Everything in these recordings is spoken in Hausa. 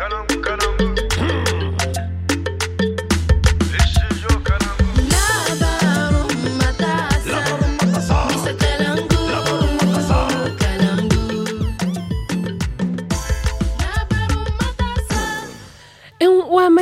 Tell them.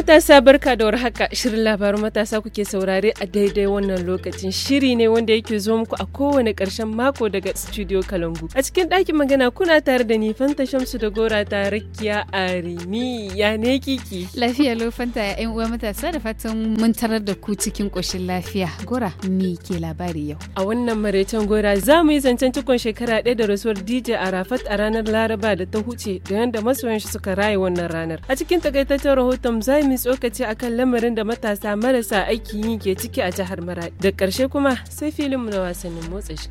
Matasa barka da warhaka shirin labarin matasa kuke saurare a daidai wannan lokacin shiri ne wanda yake zo muku a kowane karshen mako daga studio Kalangu. A cikin ɗakin magana kuna tare da ni Fanta Shamsu da Gora ta Rakiya rimi ya ne kiki. Lafiya lo Fanta ya uwa matasa da fatan mun tarar da ku cikin ƙoshin lafiya. Gora me ke labari yau? A wannan maraicen Gora za mu yi zancen cikon shekara ɗaya da rasuwar DJ Arafat a ranar Laraba da ta huce da yadda masoyan shi suka raye wannan ranar. A cikin takaitaccen rahoton za mu tsokaci akan lamarin da matasa marasa aiki yi ke ciki a jihar Maradi. Da ƙarshe kuma sai filinmu na wasannin motsa shi.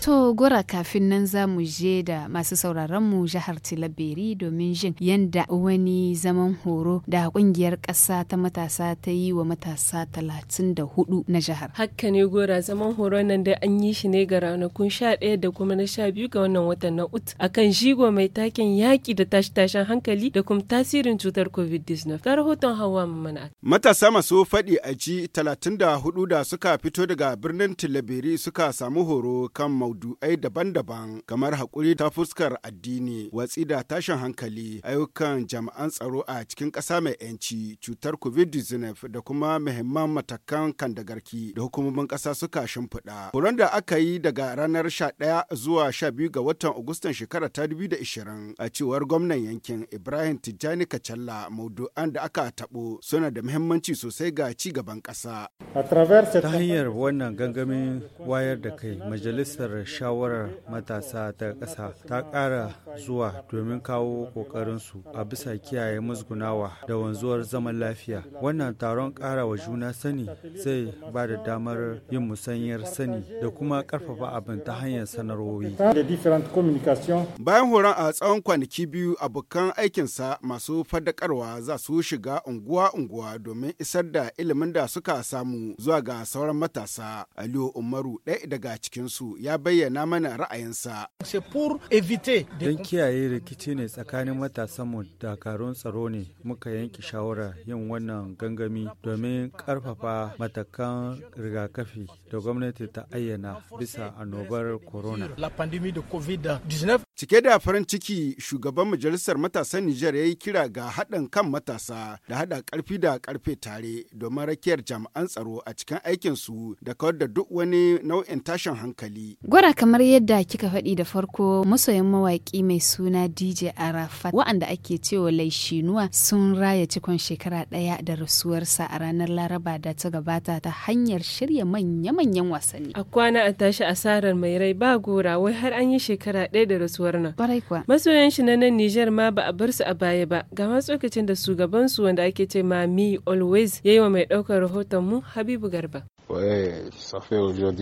To gora kafin nan za mu je da masu sauraron mu jihar Tilaberi domin jin yadda wani zaman horo da kungiyar ƙasa ta matasa ta yi wa matasa talatin da hudu na jihar. Hakka ne gora zaman horo nan da an yi shi ne ga ranakun sha ɗaya da kuma na sha biyu ga wannan watan na Ut a kan shigo mai taken yaƙi da tashi-tashen hankali da kuma tasirin cutar COVID-19. Ta rahoton hawa mana. Matasa masu faɗi a ji talatin da hudu da suka fito daga birnin Tilaberi suka samu horo kan maudu'ai daban-daban kamar hakuri ta fuskar addini, watsi da tashin hankali, ayyukan jami'an tsaro a cikin ƙasa mai 'yanci, cutar COVID-19 da kuma muhimman matakan kandagarki da hukumomin ƙasa suka shimfiɗa. Horon da aka yi daga ranar 11 zuwa 12 ga watan Agustan shekara ta 2020 a cewar gwamnan yankin Ibrahim Tijjani Kacalla maudu'an da aka taɓo suna da muhimmanci sosai ga ci gaban ƙasa. Ta hanyar wannan gangamin wayar da kai majalisar shawarar matasa ta ƙasa ta ƙara zuwa domin kawo ƙoƙarin su a bisa kiyaye musgunawa da wanzuwar zaman lafiya. Wannan taron ƙara wa juna sani zai ba da damar yin musanyar sani da kuma ƙarfafa abin ta hanyar sanarwowi. Bayan horon a tsawon kwanaki biyu abokan aikinsa masu fadakarwa za su shiga unguwa-unguwa domin isar da ilimin da suka samu zuwa ga sauran matasa. Aliyu Umaru ɗaya daga cikinsu ya bai bayyana mana ra'ayinsa. Don kiyaye rikici ne tsakanin matasanmu dakarun tsaro ne muka yanke shawara yin wannan gangami domin karfafa matakan rigakafi da gwamnati ta ayyana bisa annobar corona. Cike da farin ciki shugaban majalisar matasan Nijar ya yi kira ga haɗin kan matasa da haɗa ƙarfi da ƙarfe tare domin rakiyar jami'an tsaro a cikin aikinsu da kawar da duk wani nau'in tashin hankali. Gwara kamar yadda kika faɗi da farko masoyan mawaƙi mai suna DJ Arafat wa'anda ake cewa Laishinuwa sun raya cikon shekara ɗaya da rasuwarsa a ranar Laraba da ta gabata ta hanyar shirya manya-manyan wasanni. A kwana a tashi asarar mai rai ba gora wai har an yi shekara ɗaya da rasuwar murna. Masoyan shi na nan Nijar ma ba a bar su a baya ba. Ga tsokacin da su su wanda ake ce Mami Always yi wa mai ɗaukar rahoton mu Habibu Garba.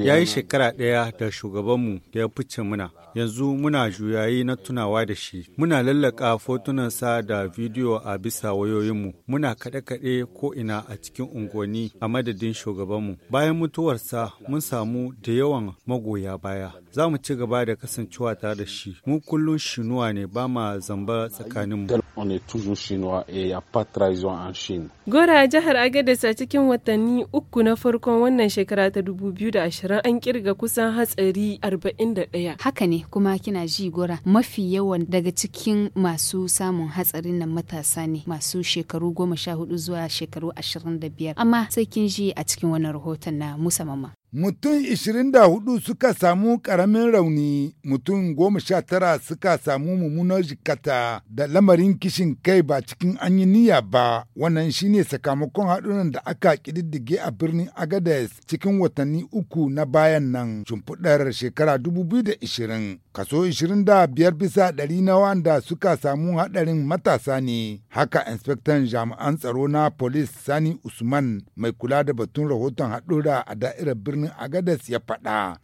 Ya yi shekara ɗaya da shugabanmu da ya fice muna, yanzu muna juyayi na tunawa da shi. Muna lallaka fotunansa da bidiyo a bisa wayoyinmu, muna kaɗe-kaɗe ko'ina a cikin unguwanni a madadin shugabanmu. Bayan mutuwarsa mun samu da yawan magoya baya. Za mu ci gaba da kasancewa tare da shi. Mu kullum shinuwa ne ba ma zamba tsakaninmu. Gora jihar Agadez a cikin watanni uku na farkon wannan wannan shekara ta dubu 2020 an kirga kusan hatsari arba'in da ɗaya. Haka ne kuma kina ji gora mafi yawan daga cikin masu samun hatsarin nan matasa ne masu shekaru goma sha hudu zuwa shekaru ashirin da biyar Amma sai kin ji a cikin wannan rahoton na Musa Mama. Mutum 24 suka samu ƙaramin rauni, mutum 19 suka samu mummunar jikata da lamarin kishin kai ba cikin an yi niyya ba, wannan shine sakamakon haɗunan da aka ƙididdige a birnin agadez cikin watanni uku na bayan nan shimfiɗar shekara 2020. Kaso 25 bisa ɗari na wanda suka samu haɗarin matasa ne, haka inspektan jami'an tsaro na polis Sani Usman mai kula da batun rahoton haɗura a da'irar birnin birnin agadez ya faɗa.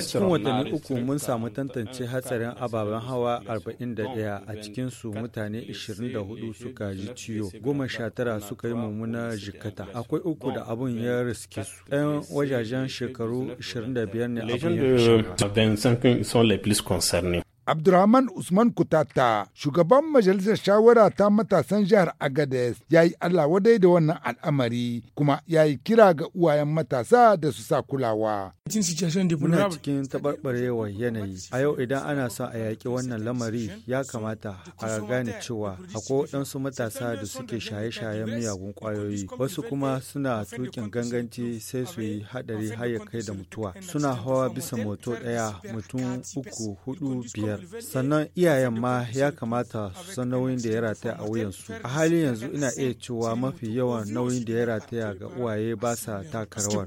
cikin watanni uku mun samu tantance hatsarin ababen hawa 41 a cikin su mutane 24 suka ji ciwo, goma sha tara suka yi mummuna jikata. Akwai uku da abun ya riske su. Ɗan wajajen shekaru 25 ne abun ya fi Abdurrahman Usman Kutata, shugaban majalisar shawara ta matasan jihar Agadez ya yi Allah wadai da wannan al'amari kuma ya yi kira ga uwayen matasa da su sa kulawa. Muna cikin taɓarɓarewa yanayi, a yau idan ana son a yaƙi wannan lamari ya kamata a gane cewa akwai waɗansu matasa da suke shaye-shayen miyagun ƙwayoyi, wasu kuma suna tukin ganganci sai su yi haɗari har ya kai da mutuwa. Suna hawa bisa moto ɗaya mutum uku, hudu, biyar. sannan iyayen ma ya kamata su san nauyin da ya rataya a wuyansu a halin yanzu ina iya cewa mafi yawan nauyin da ya rataya ga uwaye ba sa taka rawar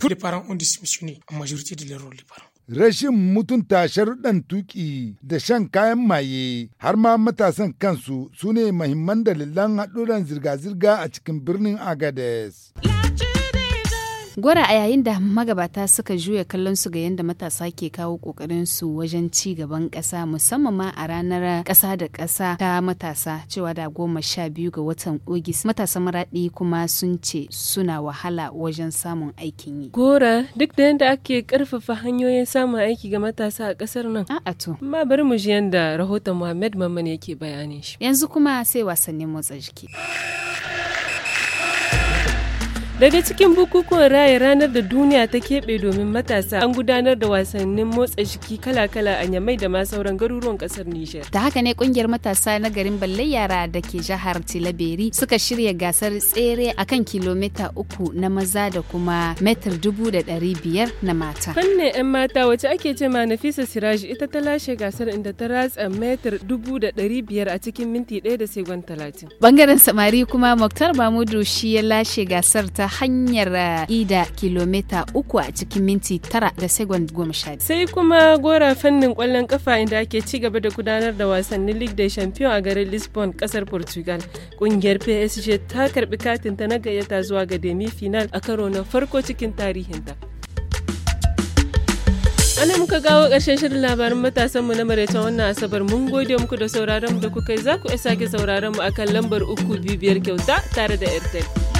rashin mutunta sharuɗan tuƙi da shan kayan maye har ma matasan kansu su ne mahimman dalilan haɗuran zirga-zirga a cikin birnin agades. Gwara a yayin da magabata suka juya kallon su ga yadda matasa ke kawo kokarin su wajen ci gaban ƙasa musamman ma a ranar ƙasa da ƙasa ta matasa cewa da goma sha biyu ga watan Ogis matasa maraɗi kuma sun ce suna wahala wajen samun aikin yi. Gora duk da yadda ake karfafa hanyoyin samun aiki ga matasa a kasar nan. A'a to. Ma bari mu ji yadda rahoton muhammed Mamman yake bayanin shi. Yanzu kuma sai wasannin motsa jiki. Daga cikin bukukuwan raya ranar da duniya ta keɓe domin matasa an gudanar da wasannin motsa jiki kala-kala a nyamai da ma sauran garuruwan ƙasar Nijar. Ta haka ne ƙungiyar matasa na garin Balle yara da ke jihar Tilaberi suka shirya gasar tsere akan kilomita uku na maza da kuma metar dubu da ɗari biyar na mata. Fannin 'yan mata wacce ake ce ma Nafisa Siraji ita ta lashe gasar inda ta ratsa metar dubu da ɗari biyar a cikin minti ɗaya da segon talatin. Bangaren samari kuma Muktar Bamudu shi ya lashe gasar ta hanyar eh, ida kilomita uku a cikin minti tara da segon goma sha sai kuma gora fannin kwallon kafa inda ake ci gaba da gudanar da wasannin league da champion a garin lisbon kasar portugal kungiyar psg ta karbi katin ta na gayyata zuwa ga demi final a karo na farko cikin tarihinta ana muka gawo ƙarshen shirin labarin matasan na maraicen wannan asabar mun gode muku da sauraron da kuka yi za ku sake sauraron mu akan lambar uku bibiyar kyauta tare da airtel